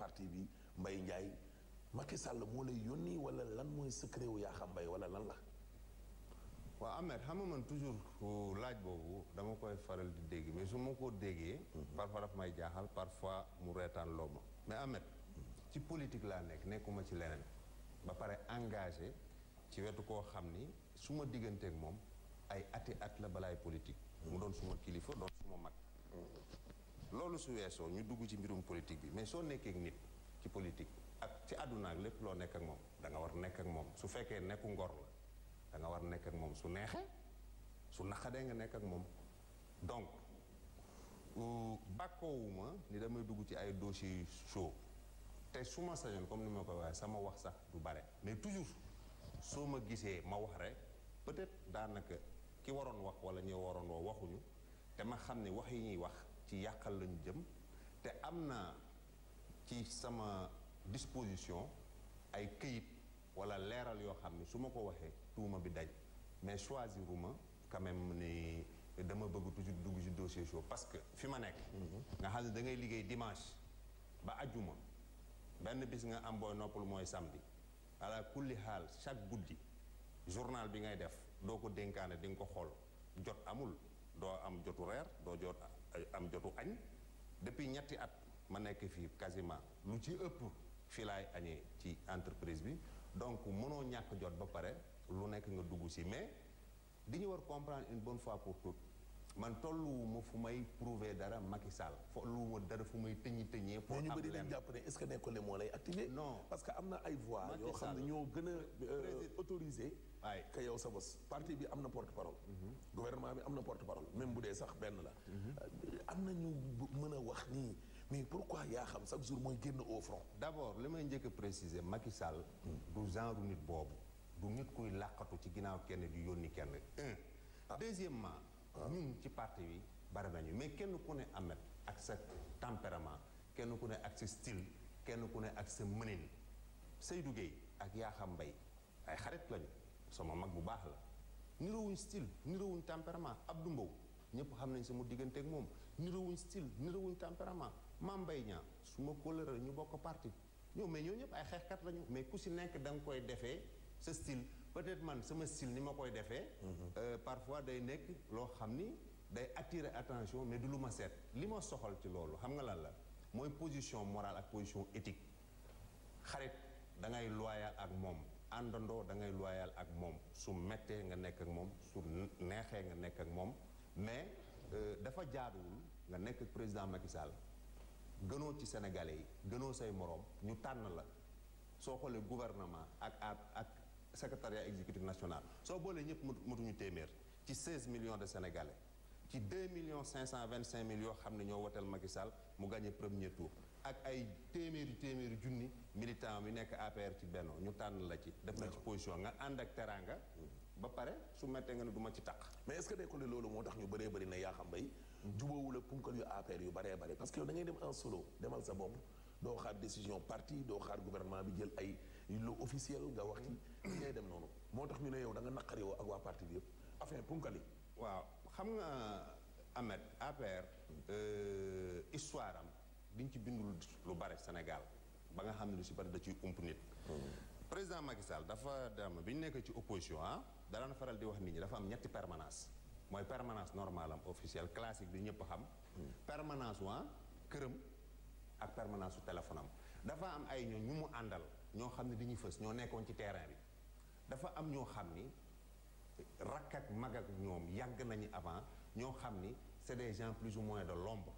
parti bi Mbaye Ndiaye Macky Sall moo lay yónni wala lan mooy secret wu yaa xam mbay wala lan la. waaw Ahmed xam nga man toujours laaj boobu dama koy faral di dégg mais su ma ko déggee. Mhm. parfois daf may jaaxal parfois mu reetaan loo ma mais Ahmed mhm. ci politique laa nekk nekkuma ci leneen ba pare engage ci wetu koo xam ni su ma digganteeg moom ay ati at la balaay politique. mu mhm. doon suma kilifa doon suma mag. loolu su weesoo ñu dugg ci mbirum politique bi mais soo nekkee nit ci politique ak ci àdduna lépp loo nekk ak moom da nga war nekk ak moom su fekkee nekku ngor la da nga war nekk ak moom su neexee su naqadee nga nekk ak moom donc euh, bàkkoowuma ni damay dugg ci ay dossiers soo te su ma sañoon comme ni ma koy waxee sama wax sax du bare mais toujours soo ma gisee ma wax rek peut-être daanaka ki waroon wax wala ñëw waroon woo waxuñu te ma xam ne wax yi ñuy wax ci yàqal lañu jëm te am na ci sama disposition ay këyit wala leeral yoo xam ne su ma ko waxee tuuma bi dañ mais choisiruma quand même ni dama bëgg toujours dugg ci dossier chaud parce que fi ma nekk mhm. nga xam ne da ngay liggéey dimanche ba ajjuma benn bis nga am booy noppal mooy samedi ala kulli xaal chaque guddi journal bi ngay def doo ko dénkaane di ko xool jot amul doo am jotu reer doo jot am jotu añ depuis ñetti at ma nekk fii quasiment lu ci ëpp fii laay añee ci entreprise bi donc mënoo ñàkk jot ba pare lu nekk nga dugg si mais di ñu war comprendre une bonne fois pour toutes man tolluwuma fu may prouver dara Macky foo tolluwuma dara fu may tëñi tëñee. pour am ñu bëri dañ jàpp ne est-ce que nekkul moo lay non parce que am na ay voix yoo xam ne ñoo gën a euh, autorisé. waay yow sa bos bi am na porte parole. Mhm. gouvernement bi am na porte parole même bu dee sax benn la. Mhm. Euh, am na ñu mën a wax nii mais pourquoi yaa xam chaque jour mooy génn au front. d'abord li may njëkk a préciser Macky Sall. du genre nit boobu. du nit kuy làqatu ci ginnaaw kenn di yónni kenn. un ah. deuxièmement ñun ci parti bi bari nañu mais kenn ku ne Ahmed ak sa tempérament kenn ku ne ak sa style kenn ku ne ak sa mënin Seydou Gueye ak xam mbay ay xarit lañu sama mag bu baax la nirawuñ style nirawuñ tempérament Abdou Mbow ñëpp xam nañ sama digganteeg moom nirawuñ style nirawuñ tempérament Mame Mbaye Niang su ma kóllëre ñu bokk parti ñoo mais ñoo ñëpp ay xeexkat lañu mais ku si nekk da nga koy defee sa style peut-être man sama style ni ma koy defee. Mhm. Euh, parfois day nekk loo xam ni day attirer attention mais du lu ma seet li ma soxal ci loolu xam nga lan la mooy position morale ak position éthique xarit da ngay loyal ak moom àndandoo da ngay loyal ak moom su mettee nga nekk ak moom su neexee nga nekk ak moom mais euh, dafa jaaduwul nga nekk président Macky gënoo ci Sénégalais yi gënoo say moroom ñu tànn la soo xoolee gouvernement ak ak secrétariat exécutif national soo boolee ñëpp matuñu téeméer ci 16 millions de sénégalais ci 2 millions cinq mille yoo xam ne ñoo woteel Macky Sall mu gagné premier tour ak ay téeméeri téeméeri junni militant bi nekk APR ci benn ñu tànn la ci. def na ci position nga ànd ak teraanga. Mm-hmm. ba pare su mettee nga ne du ma ci taq. mais est ce que nekkul loolu moo tax ñu bëree bëri na yaa xam bay. Mm-hmm. jubóowul ak punkal yu APR yu bëree bëri parce que yow da dem en solo demal sa bopp doo xaar décision parti doo xaar gouvernement bi jël ay. lu officiel nga wax ci ngay dem noonu moo tax ñu ne yow da nga naqari woo ak waa parti bi yëpp afin punkali waaw xam nga Ahmed APR euh, histoire am diñ ci bindul lu bare Sénégal ba nga xam ne lu si bari da ciy ump nit président Macky Sall dafa dem bi ñu nekk ci opposition ah, dana daan faral di wax nit ñi dafa am ñetti permanence mooy permanence normale am officielle classique bi ñëpp xam permanence waa ah, këram ak permanence su téléphone dafa am ay ñoo ñu mu àndal ñoo xam ne dañuy fës ñoo nekkoon ci terrain bi dafa am ñoo xam ni rakk ak mag ak ñoom yàgg nañu avant ñoo xam ni c'est des gens plus ou moins de l'ombre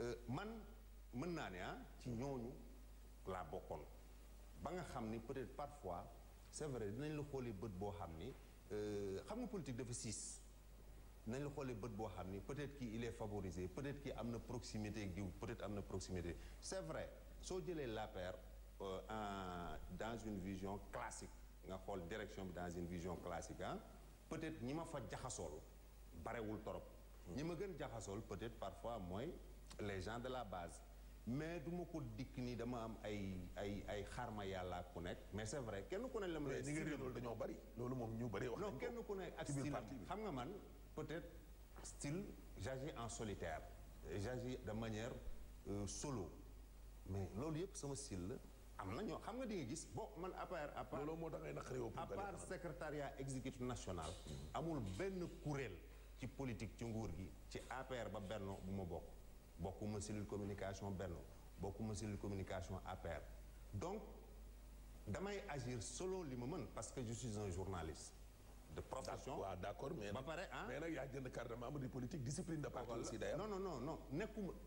euh, man mën naa ne ah ci ñooñu laa bokkoon ba nga xam ni peut-être parfois c'est vrai dinañ la xoolee bët boo xam ni euh, xam nga politique dafa siis nañ la xoolee bët boo xam ni peut-être kii il est favorisé peut-être kii am na proximité diw peut-être am na proximité c'est vrai soo jëlee l'APR Euh, en dans une vision classique nga xool direction bi dans une vision classique ah peut-être ñi ma fa jaxasool barewul torop ñi ma gën jaxasool peut-être parfois mooy les gens de la base mais du ma ko dikk ni dama am ay ay ay xarma yàlla ku nekk mais c'est vrai kenn ku ne la ma lay ñi nga réerool dañoo bari loolu moom ñu bari wax non kenn ku ne ak style xam nga man peut-être style j'agis en solitaire j'agis de manière euh, solo mais loolu yëpp sama style la am na ñoo xam nga di nga gis bon man à part à part loolu moo tax ngay naqari yow à part secrétariat national amul benn kuréel ci politique ci nguur gi ci APR ba benno bu ma bokk bokkuma cellule communication benno bokkuma cellule communication APR donc damay agir solo li ma mën parce que je suis un journaliste de profession waaw d'accord mais ba pare ah mais nag yaa jënd carte membre du politique discipline de parti aussi d'ailleurs non non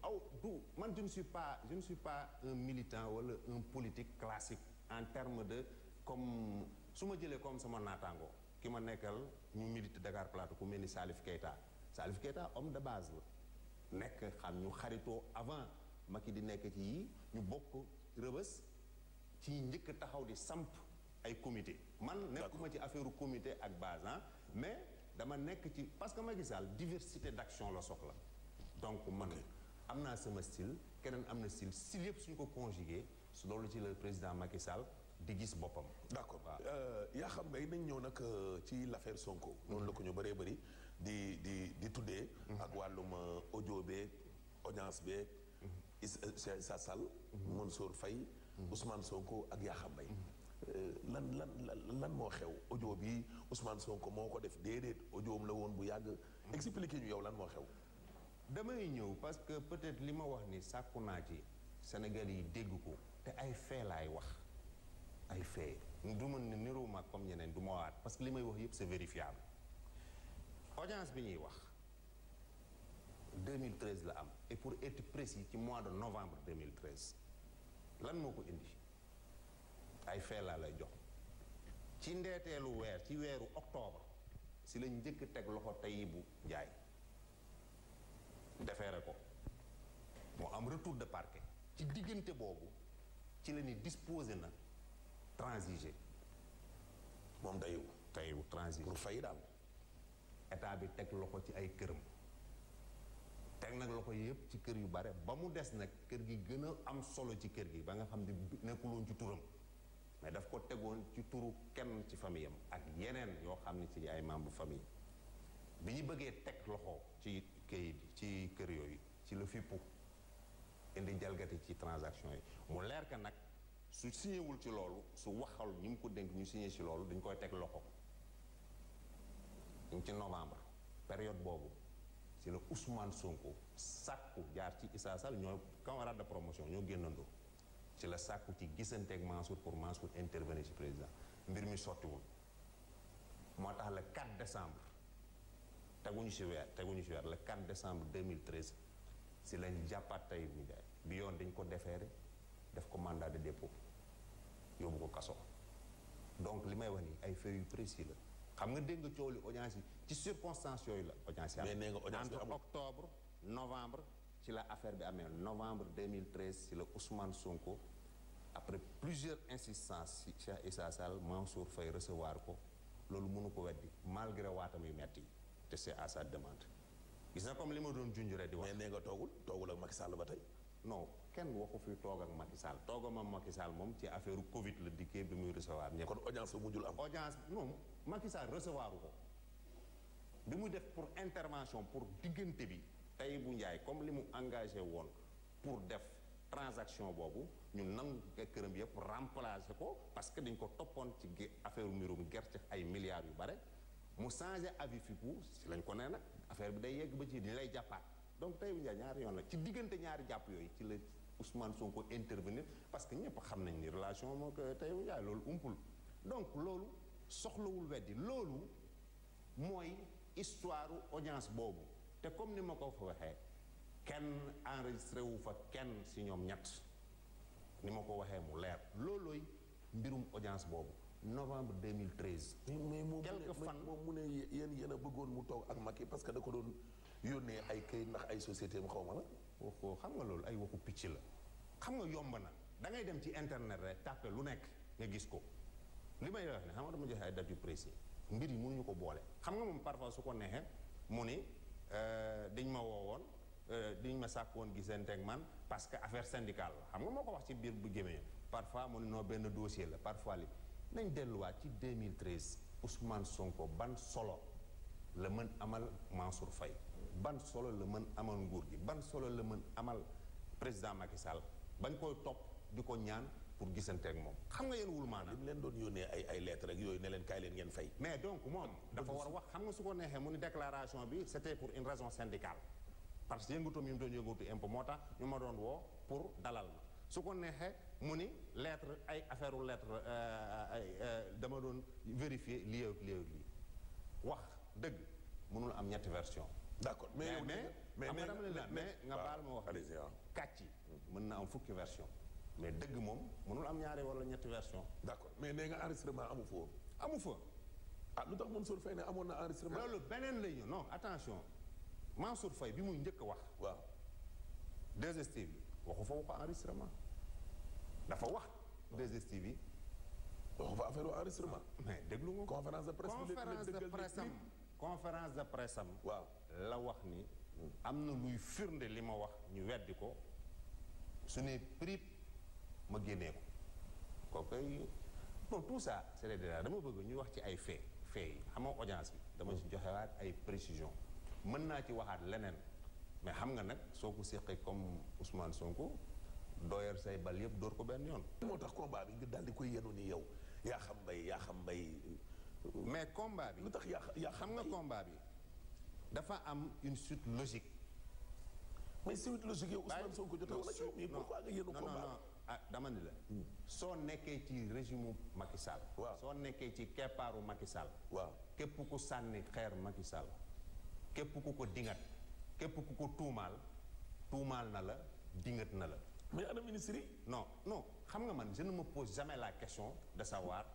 aw du man je ne suis pas je ne suis pas un militant wala un politique classique en terme de comme su ma jëlee comme sama naataango ki ma nekkal ñu milite Dakar Plateau ku mel ni saalif Keita Salif Keita base la nekk xam ñu xaritoo avant Macky di nekk ci yi ñu bokk rëbës ci njëkk taxaw di samp ay comité man nekkuma ci affaire comité ak base mais dama nekk ci parce que Macky Sall diversité d'action la soxla donc man am naa sama style keneen am na style style yëpp suñ ko conjugué su loolu ci la président Macky Sall di gis boppam d'accord euh, yaa xam nga nañ ñëw nag euh, ci l'affaire Sonko mhm. noonu la ko ñu bëree bëri di di di tuddee mhm. ak wàllum euh, audio beeg audience beeg mhm. Issa Sall Mansour Faye Ousmane Sonko ak Yakham Euh, lan lan lan moo xew audio bi Ousmane ko moo ko def déedéet audio la woon bu yàgg. expliquer ñu yow lan moo xew. damay ñëw parce que peut-être li ma wax ni sàkku naa ci Sénégal yi dégg ko te ay fee wax ay fee du ma ne niruwuma comme ñeneen du ma waat parce que li may wax yëpp c'est vérifiable audience bi ñuy wax 2013 la am et pour être précis ci mois de novembre 2013 lan moo ko indi. fee laa lay jox ci ndeeteelu weer ci weeru octobre si lañ njëkk teg loxo bu Njaay defeere ko moo am retour de parquet ci diggante boobu ci la ni disposé na transiger moom Tayibu Tayibu transiger pour fay daal état bi teg loxo ci ay këram teg nag loxo yëpp ci kër yu bare ba mu des nag kër gi gën a am solo ci kër gi ba nga xam ne nekkuloon ci turam mais daf ko tegoon ci turu kenn ci famille am ak yeneen yoo xam ne ci ay membre famille bi ñu bëggee teg loxo ci këyit kayit ci kër yooyu ci la fippu indi jalgati ci transaction yi mu leer ka nag su signéwul ci loolu su waxal ñu mu ko dénk ñu signé ci loolu dañ koy teg loxo ñu ci novembre période boobu ci la Ousmane Sonko sàkku jaar ci Issa Sall ñoo camarade de promotion ñoo génnandoo ci la sàkku ci gisanteeg Mansour pour Mansour intervenir ci président mbir mi sottiwul moo tax le 4 décembre teguñu ci weer teguñu ci weer le 4 décembre 2013 si lañ jàppaat Taïb Ndiaye bi yoon dañ ko defeere def ko mandat de dépôt yóbbu ko kaso donc li may wax nii ay faits yu précis la xam nga dégg nga coow li audience yi ci circonstances yooyu la audience yi am entre octobre novembre ci la affaire bi amee novembre 2013 ci la Ousmane Sonko après plusieurs insistances Cheikh Issa Sall Mansour Faye recevoir ko loolu mënu ko weddi malgré waatam yu metti yi te c'est à sa demande. gis na comme li ma doon junjuree di wax. mais nee nga toogul toogul ak Macky Sall ba tey. non kenn waxu fi toog ak Macky Sall toogam ak Macky Sall moom ci affaire Covid la dikkee bi muy recevoir ñëpp. kon audience bu mujjul am. audience non Macky Sall ko bi muy def pour intervention pour diggante bi. bu njaay comme li mu engagé woon pour def transaction boobu ñu nangu këram yëpp remplacé ko parce que dañ ko toppoon ci affaire mbirum gerte ay milliards yu bare mu changé avis fipu si lañ ko nee nag affaire bi day yegg ba ci dañu lay jàppaat donc Tahibou Ndiaye ñaari yoon la ci diggante ñaari jàpp yooyu ci la Ousmane Sonko intervenir parce que ñëpp xam nañ ni relation moo ko Tahibou Ndiaye loolu umpul donc loolu soxlawul weddi loolu mooy histoire audience boobu te comme ni ma ko fa waxee kenn enregistré wu fa kenn si ñoom ñett ni ma ko waxee mu leer loolooy mbirum audience boobu novembre 2013. mais moom quelque fan moom mu ne yéen yéen a bëggoon mu toog ak yi parce que da ko doon yónnee ay këyit ndax ay societé mu xaw ma la. waxoo xam nga loolu ay waxu picc la. xam nga yomb na da ngay dem ci internet rek tàppe lu nekk nga gis ko li may wax ne xam nga dama joxe ay date yu précis mbir yi ñu ko boole xam nga moom parfois su ko neexee mu ni. Euh, dañ ma woo woon euh, diñ ma sàkk woon gisante ak man parce que affaire syndicale la xam nga moo ko wax ci biir bu gémee parfois mu ne noo benn dossier la parfois li nañ delluwaat ci 2013 Ousmane Sonko ban solo la mën amal Mansour Faye ban solo la mën amal nguur gi ban solo la mën amal président Macky Sall bañ koy topp di ko ñaan pour gisante ak moom xam nga yéen wul maanaam lim leen doon yónnee ay ay lettres ak yooyu ne leen kaay leen ngeen fay mais donc moom dafa a wax xam nga su ko neexee mu ni déclaration bi c'était pour une raison syndicale parce que yëngutum yi mu doon yëngatu impôt moo tax ñu ma doon woo pour dalal su ko neexee mu ni lettre ay affaire u lettre euh, euh, euh, dama doon vérifier lii ak lii ak lii wax dëgg mënul am ñetti version d'accord mais mais mais mais nga baal ma wax kàcc yi mën na am fukki version mais dëgg moom mënul am ñaari wala ñetti version. d'accord mais nee nga enregistrement amu foo woon. amu fa. ah lu tax Mansour Faye ne amoon na enregistrement. loolu beneen la non attention Mansour Faye bi muy njëkk a wax. waaw 2STV bi waxu fa waxu enregistrement dafa wax 2STV bi. waxu fa affaire enregistrement. mais déglu nga conférence de presse conférence de presse am conférence de presse am. waaw la wax ni. am na luy firnde li ma wax ñu weddi ko. su ne prix. ma génnee ko kooku non tout ça c' est dama bëgg ñuy wax ci ay fait fait yi xam nga bi. dama ci joxewaat ay précision mën naa ci waxaat leneen mais xam nga nag soo ko seqee comme Ousmane Sonko dooyal say bal yëpp door ko benn yoon. moo tax baa bi nga daal di koy yenu ni yow yaa xam mbay yaa xam mbay. mais combat bi lu tax yaa xam nga combat bi dafa am une suite logique. mais suite logique yow Ousmane ah, Sonko jotee wala mais pourquoi nga yenu combat ah dama ni la. Hmm. soo nekkee ci régime Macky Sall. waaw soo nekkee ci keppaaru Macky Sall. waaw képp ku sànni xeer Macky Sall. képp ku ko dingat képp ku ko tuumaal tuumaal na la dingat na la. mais ana ministre yi. non non xam nga man je ne me pose jamais la question de savoir.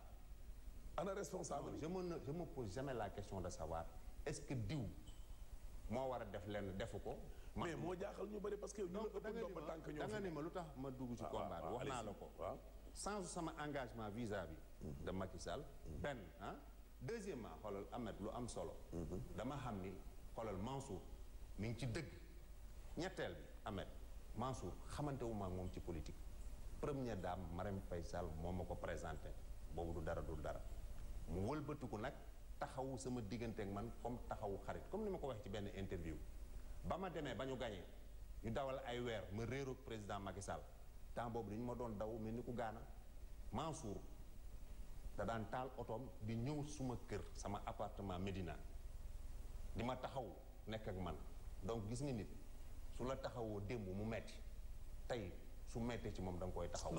ana responsable je me je me pose jamais la question de savoir est-ce que diw moo war a def lenn defu ko. mais moo jaaxal ñu bëri parce que. donc da nga ni ma lu tax ma dugg ci ah, combat bi wax naa la ko. sans sama engagement vis bi vis de Macky benn ah. deuxièmement xoolal Ahmed lu am solo. dama xam ni xoolal Mansour mi ngi ci dëgg. ñetteel bi Ahmed Mansour xamante wu moom ci politique. première dame Marème fay Sall moo ma ko présenté boobu du dara du dara mu wëlbatiku nag taxawu sama diggante ak man comme taxawu xarit comme ni ma ko waxee ci benn interview. ba ma demee ba ñu gañee ñu dawal ay weer ma réeroog président Macky Sall temps boobu dañu ma doon daw mel ni ku gaana Mansour da daan taal otoom bi ñëw suma kër sama appartement Médina di ma taxaw nekk ak man donc gis nga nit su la taxawoo démb mu metti tey su mettee ci moom da koy taxaw